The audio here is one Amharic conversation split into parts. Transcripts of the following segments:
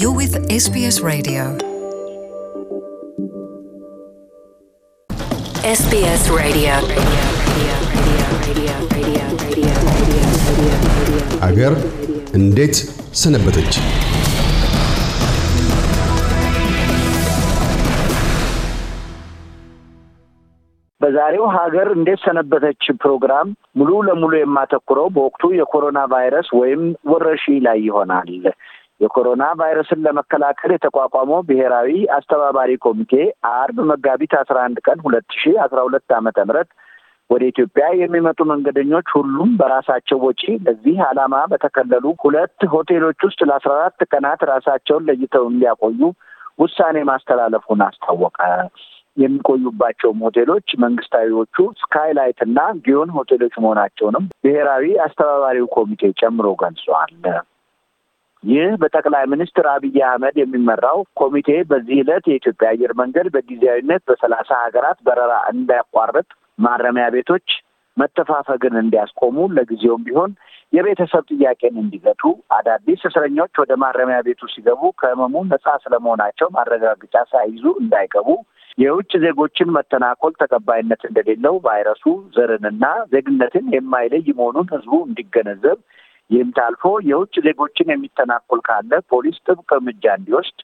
You're with SBS Radio. SBS Radio. አገር እንዴት ሰነበተች? በዛሬው ሀገር እንዴት ሰነበተች ፕሮግራም ሙሉ ለሙሉ የማተኩረው በወቅቱ የኮሮና ቫይረስ ወይም ወረርሽኝ ላይ ይሆናል። የኮሮና ቫይረስን ለመከላከል የተቋቋመው ብሔራዊ አስተባባሪ ኮሚቴ አርብ መጋቢት አስራ አንድ ቀን ሁለት ሺ አስራ ሁለት ዓመተ ምህረት ወደ ኢትዮጵያ የሚመጡ መንገደኞች ሁሉም በራሳቸው ወጪ ለዚህ ዓላማ በተከለሉ ሁለት ሆቴሎች ውስጥ ለአስራ አራት ቀናት ራሳቸውን ለይተው እንዲያቆዩ ውሳኔ ማስተላለፉን አስታወቀ። የሚቆዩባቸውም ሆቴሎች መንግስታዊዎቹ ስካይላይት እና ጊዮን ሆቴሎች መሆናቸውንም ብሔራዊ አስተባባሪው ኮሚቴ ጨምሮ ገልጿል። ይህ በጠቅላይ ሚኒስትር አብይ አህመድ የሚመራው ኮሚቴ በዚህ ዕለት የኢትዮጵያ አየር መንገድ በጊዜያዊነት በሰላሳ ሀገራት በረራ እንዳያቋርጥ ማረሚያ ቤቶች መተፋፈግን እንዲያስቆሙ ለጊዜውም ቢሆን የቤተሰብ ጥያቄን እንዲገቱ አዳዲስ እስረኞች ወደ ማረሚያ ቤቱ ሲገቡ ከህመሙ ነጻ ስለመሆናቸው ማረጋገጫ ሳይይዙ እንዳይገቡ የውጭ ዜጎችን መተናኮል ተቀባይነት እንደሌለው ቫይረሱ ዘርንና ዜግነትን የማይለይ መሆኑን ህዝቡ እንዲገነዘብ ይህም ታልፎ የውጭ ዜጎችን የሚተናኮል ካለ ፖሊስ ጥብቅ እርምጃ እንዲወስድ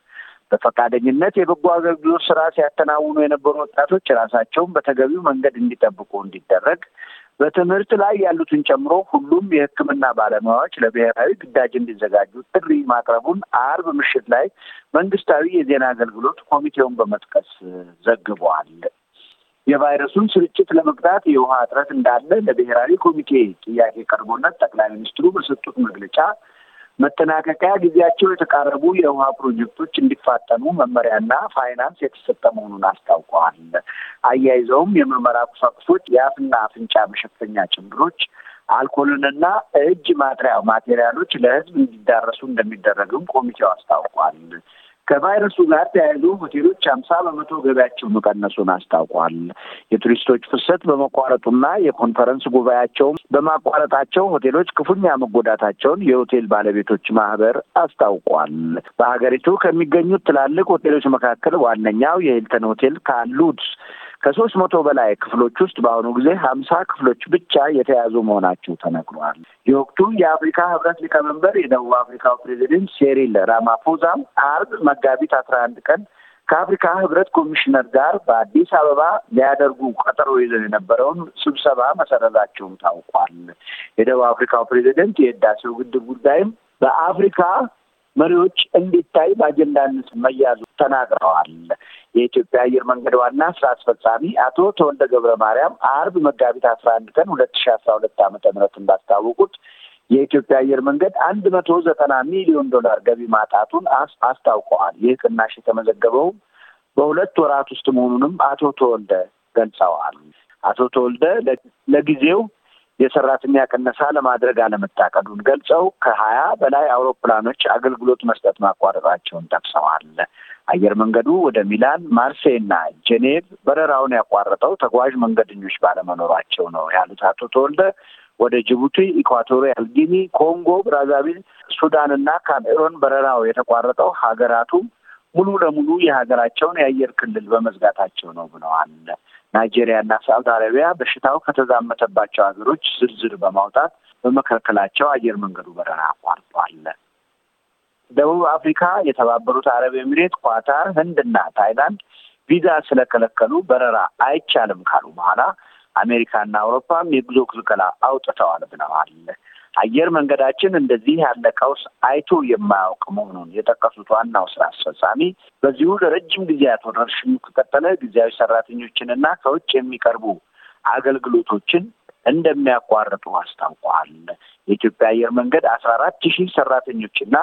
በፈቃደኝነት የበጎ አገልግሎት ስራ ሲያተናውኑ የነበሩ ወጣቶች ራሳቸውን በተገቢው መንገድ እንዲጠብቁ እንዲደረግ፣ በትምህርት ላይ ያሉትን ጨምሮ ሁሉም የሕክምና ባለሙያዎች ለብሔራዊ ግዳጅ እንዲዘጋጁ ጥሪ ማቅረቡን አርብ ምሽት ላይ መንግስታዊ የዜና አገልግሎት ኮሚቴውን በመጥቀስ ዘግቧል። የቫይረሱን ስርጭት ለመግታት የውሃ እጥረት እንዳለ ለብሔራዊ ኮሚቴ ጥያቄ ቀርቦለት ጠቅላይ ሚኒስትሩ በሰጡት መግለጫ መጠናቀቂያ ጊዜያቸው የተቃረቡ የውሃ ፕሮጀክቶች እንዲፋጠኑ መመሪያና ፋይናንስ የተሰጠ መሆኑን አስታውቀዋል። አያይዘውም የምርመራ ቁሳቁሶች፣ የአፍና አፍንጫ መሸፈኛ ጭንብሮች፣ አልኮልንና እጅ ማጥሪያ ማቴሪያሎች ለሕዝብ እንዲዳረሱ እንደሚደረግም ኮሚቴው አስታውቋል። ከቫይረሱ ጋር ተያይዞ ሆቴሎች ሀምሳ በመቶ ገቢያቸው መቀነሱን አስታውቋል። የቱሪስቶች ፍሰት በመቋረጡና የኮንፈረንስ ጉባኤያቸውም በማቋረጣቸው ሆቴሎች ክፉኛ መጎዳታቸውን የሆቴል ባለቤቶች ማህበር አስታውቋል። በሀገሪቱ ከሚገኙት ትላልቅ ሆቴሎች መካከል ዋነኛው የሂልተን ሆቴል ካሉት ከሶስት መቶ በላይ ክፍሎች ውስጥ በአሁኑ ጊዜ ሀምሳ ክፍሎች ብቻ የተያዙ መሆናቸው ተነግሯል። የወቅቱ የአፍሪካ ህብረት ሊቀመንበር የደቡብ አፍሪካው ፕሬዚደንት ሴሪል ራማፎዛም አርብ መጋቢት አስራ አንድ ቀን ከአፍሪካ ህብረት ኮሚሽነር ጋር በአዲስ አበባ ሊያደርጉ ቀጠሮ ይዘው የነበረውን ስብሰባ መሰረዛቸውን ታውቋል። የደቡብ አፍሪካው ፕሬዚደንት የህዳሴው ግድብ ጉዳይም በአፍሪካ መሪዎች እንዲታይ በአጀንዳነት መያዙ ተናግረዋል። የኢትዮጵያ አየር መንገድ ዋና ስራ አስፈጻሚ አቶ ተወልደ ገብረ ማርያም አርብ መጋቢት አስራ አንድ ቀን ሁለት ሺ አስራ ሁለት ዓመተ ምህረት እንዳስታወቁት የኢትዮጵያ አየር መንገድ አንድ መቶ ዘጠና ሚሊዮን ዶላር ገቢ ማጣቱን አስታውቀዋል። ይህ ቅናሽ የተመዘገበውም በሁለት ወራት ውስጥ መሆኑንም አቶ ተወልደ ገልጸዋል። አቶ ተወልደ ለጊዜው የሰራተኛ ቅነሳ ለማድረግ አለመታቀዱን ገልጸው ከሀያ በላይ አውሮፕላኖች አገልግሎት መስጠት ማቋረጣቸውን ጠቅሰዋል። አየር መንገዱ ወደ ሚላን፣ ማርሴይ እና ጄኔቭ በረራውን ያቋረጠው ተጓዥ መንገደኞች ባለመኖራቸው ነው ያሉት አቶ ተወልደ ወደ ጅቡቲ፣ ኢኳቶሪያል ጊኒ፣ ኮንጎ ብራዛቪል፣ ሱዳን እና ካሜሮን በረራው የተቋረጠው ሀገራቱ ሙሉ ለሙሉ የሀገራቸውን የአየር ክልል በመዝጋታቸው ነው ብለዋል። ናይጄሪያ እና ሳዑዲ አረቢያ በሽታው ከተዛመተባቸው ሀገሮች ዝርዝር በማውጣት በመከልከላቸው አየር መንገዱ በረራ አቋርጧል። ደቡብ አፍሪካ፣ የተባበሩት አረብ ኤሚሬት፣ ኳታር፣ ህንድና ታይላንድ ቪዛ ስለከለከሉ በረራ አይቻልም ካሉ በኋላ አሜሪካና አውሮፓም የጉዞ ክልከላ አውጥተዋል ብለዋል። አየር መንገዳችን እንደዚህ ያለ ቀውስ አይቶ የማያውቅ መሆኑን የጠቀሱት ዋናው ስራ አስፈጻሚ በዚሁ ለረጅም ጊዜያት ወረርሽኙ ከቀጠለ ጊዜያዊ ሰራተኞችንና ከውጭ የሚቀርቡ አገልግሎቶችን እንደሚያቋርጡ አስታውቋል። የኢትዮጵያ አየር መንገድ አስራ አራት ሺህ ሰራተኞችና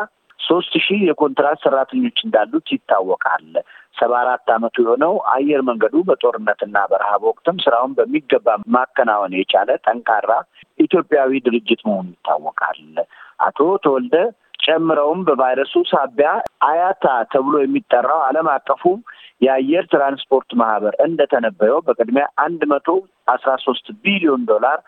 ሶስት ሺህ የኮንትራት ሰራተኞች እንዳሉት ይታወቃል። ሰባ አራት ዓመቱ የሆነው አየር መንገዱ በጦርነትና በረሃብ ወቅትም ስራውን በሚገባ ማከናወን የቻለ ጠንካራ ኢትዮጵያዊ ድርጅት መሆኑ ይታወቃል። አቶ ተወልደ ጨምረውም በቫይረሱ ሳቢያ አያታ ተብሎ የሚጠራው ዓለም አቀፉ የአየር ትራንስፖርት ማህበር እንደተነበየው በቅድሚያ አንድ መቶ አስራ ሶስት ቢሊዮን ዶላር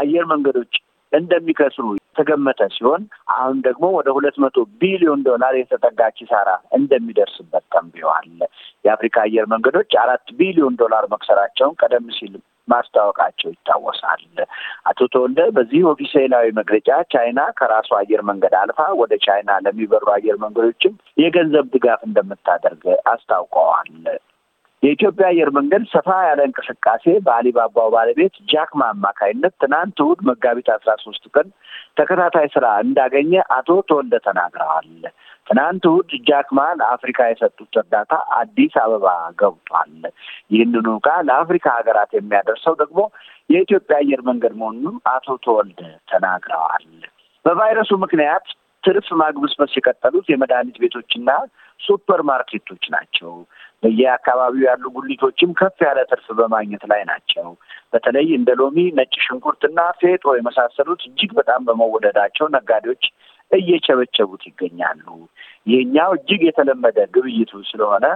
አየር መንገዶች እንደሚከስሩ የተገመተ ሲሆን አሁን ደግሞ ወደ ሁለት መቶ ቢሊዮን ዶላር የተጠጋ ኪሳራ እንደሚደርስበት ጠንብየዋል። የአፍሪካ አየር መንገዶች አራት ቢሊዮን ዶላር መክሰራቸውን ቀደም ሲል ማስታወቃቸው ይታወሳል። አቶ ተወልደ በዚህ ኦፊሴላዊ መግለጫ ቻይና ከራሱ አየር መንገድ አልፋ ወደ ቻይና ለሚበሩ አየር መንገዶችም የገንዘብ ድጋፍ እንደምታደርግ አስታውቀዋል። የኢትዮጵያ አየር መንገድ ሰፋ ያለ እንቅስቃሴ በአሊባባው ባለቤት ጃክማ አማካይነት ትናንት እሁድ መጋቢት አስራ ሶስት ቀን ተከታታይ ስራ እንዳገኘ አቶ ተወልደ ተናግረዋል። ትናንት እሁድ ጃክማ ለአፍሪካ የሰጡት እርዳታ አዲስ አበባ ገብቷል። ይህንኑ ዕቃ ለአፍሪካ ሀገራት የሚያደርሰው ደግሞ የኢትዮጵያ አየር መንገድ መሆኑንም አቶ ተወልደ ተናግረዋል። በቫይረሱ ምክንያት ትርፍ ማግበስበስ የቀጠሉት የመድኃኒት ቤቶችና ሱፐር ማርኬቶች ናቸው። በየአካባቢው ያሉ ጉሊቶችም ከፍ ያለ ትርፍ በማግኘት ላይ ናቸው። በተለይ እንደ ሎሚ፣ ነጭ ሽንኩርትና ፌጦ የመሳሰሉት እጅግ በጣም በመወደዳቸው ነጋዴዎች እየቸበቸቡት ይገኛሉ። ይህኛው እጅግ የተለመደ ግብይቱ ስለሆነ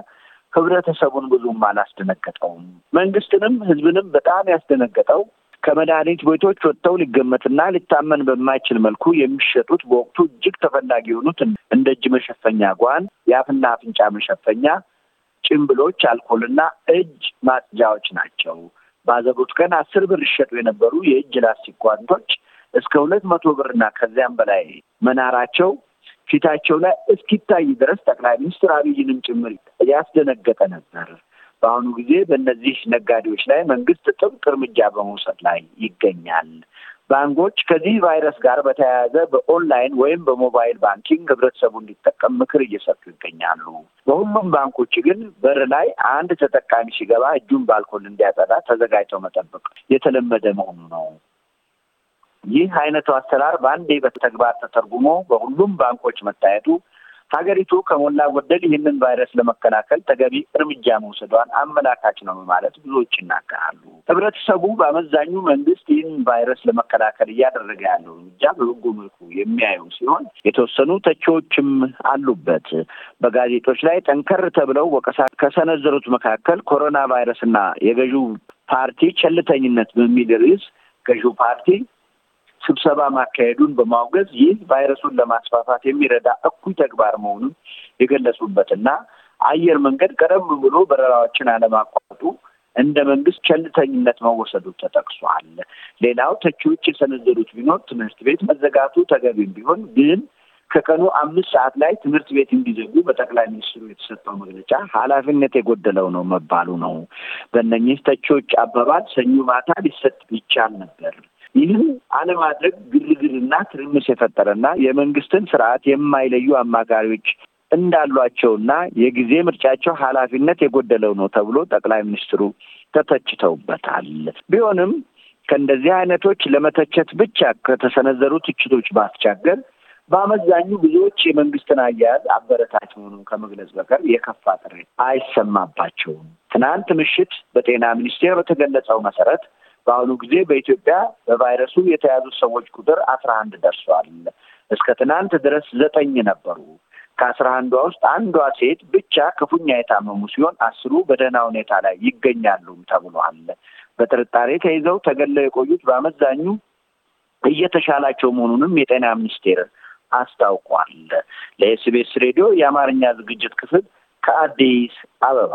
ህብረተሰቡን ብዙም አላስደነገጠውም። መንግስትንም ህዝብንም በጣም ያስደነገጠው ከመድኃኒት ቤቶች ወጥተው ሊገመትና ሊታመን በማይችል መልኩ የሚሸጡት በወቅቱ እጅግ ተፈላጊ የሆኑት እንደ እጅ መሸፈኛ ጓን፣ የአፍና አፍንጫ መሸፈኛ፣ ጭምብሎች፣ አልኮልና እጅ ማጽጃዎች ናቸው። ባዘቦት ቀን አስር ብር ይሸጡ የነበሩ የእጅ ላስቲክ ጓንቶች እስከ ሁለት መቶ ብርና ከዚያም በላይ መናራቸው ፊታቸው ላይ እስኪታይ ድረስ ጠቅላይ ሚኒስትር አብይንም ጭምር ያስደነገጠ ነበር። በአሁኑ ጊዜ በእነዚህ ነጋዴዎች ላይ መንግስት ጥብቅ እርምጃ በመውሰድ ላይ ይገኛል። ባንኮች ከዚህ ቫይረስ ጋር በተያያዘ በኦንላይን ወይም በሞባይል ባንኪንግ ህብረተሰቡ እንዲጠቀም ምክር እየሰጡ ይገኛሉ። በሁሉም ባንኮች ግን በር ላይ አንድ ተጠቃሚ ሲገባ እጁን በአልኮል እንዲያጠጣ ተዘጋጅተው መጠበቅ የተለመደ መሆኑ ነው። ይህ አይነቱ አሰራር በአንዴ በተግባር ተተርጉሞ በሁሉም ባንኮች መታየቱ ሀገሪቱ ከሞላ ጎደል ይህንን ቫይረስ ለመከላከል ተገቢ እርምጃ መውሰዷን አመላካች ነው ማለት ብዙዎች ይናገራሉ። ህብረተሰቡ በአመዛኙ መንግስት ይህን ቫይረስ ለመከላከል እያደረገ ያለው እርምጃ በበጎ መልኩ የሚያየው ሲሆን የተወሰኑ ተቺዎችም አሉበት። በጋዜጦች ላይ ጠንከር ተብለው ወቀሳ ከሰነዘሩት መካከል ኮሮና ቫይረስና የገዢው ፓርቲ ቸልተኝነት በሚል ርዕስ ገዢው ፓርቲ ስብሰባ ማካሄዱን በማውገዝ ይህ ቫይረሱን ለማስፋፋት የሚረዳ እኩይ ተግባር መሆኑን እና አየር መንገድ ቀደም ብሎ በረራዎችን አለማቋረጡ እንደ መንግስት ቸልተኝነት መወሰዱ ተጠቅሷል። ሌላው ተቺዎች የሰነዘሩት ቢኖር ትምህርት ቤት መዘጋቱ ተገቢም ቢሆን ግን ከቀኑ አምስት ሰዓት ላይ ትምህርት ቤት እንዲዘጉ በጠቅላይ ሚኒስትሩ የተሰጠው መግለጫ ኃላፊነት የጎደለው ነው መባሉ ነው። በእነኚህ ተቺዎች አባባል ሰኞ ማታ ሊሰጥ ይቻል ነበር። ይህን አለማድረግ ግርግርና ትርምስ የፈጠረና የመንግስትን ስርዓት የማይለዩ አማካሪዎች እንዳሏቸውና የጊዜ ምርጫቸው ኃላፊነት የጎደለው ነው ተብሎ ጠቅላይ ሚኒስትሩ ተተችተውበታል። ቢሆንም ከእንደዚህ አይነቶች ለመተቸት ብቻ ከተሰነዘሩ ትችቶች ባስቻገር በአመዛኙ ብዙዎች የመንግስትን አያያዝ አበረታች መሆኑን ከመግለጽ በቀር የከፋ ጥሪ አይሰማባቸውም። ትናንት ምሽት በጤና ሚኒስቴር በተገለጸው መሰረት በአሁኑ ጊዜ በኢትዮጵያ በቫይረሱ የተያዙ ሰዎች ቁጥር አስራ አንድ ደርሷል። እስከ ትናንት ድረስ ዘጠኝ ነበሩ። ከአስራ አንዷ ውስጥ አንዷ ሴት ብቻ ክፉኛ የታመሙ ሲሆን አስሩ በደህና ሁኔታ ላይ ይገኛሉም ተብሏል። በጥርጣሬ ተይዘው ተገለው የቆዩት በአመዛኙ እየተሻላቸው መሆኑንም የጤና ሚኒስቴር አስታውቋል። ለኤስቢኤስ ሬዲዮ የአማርኛ ዝግጅት ክፍል ከአዲስ አበባ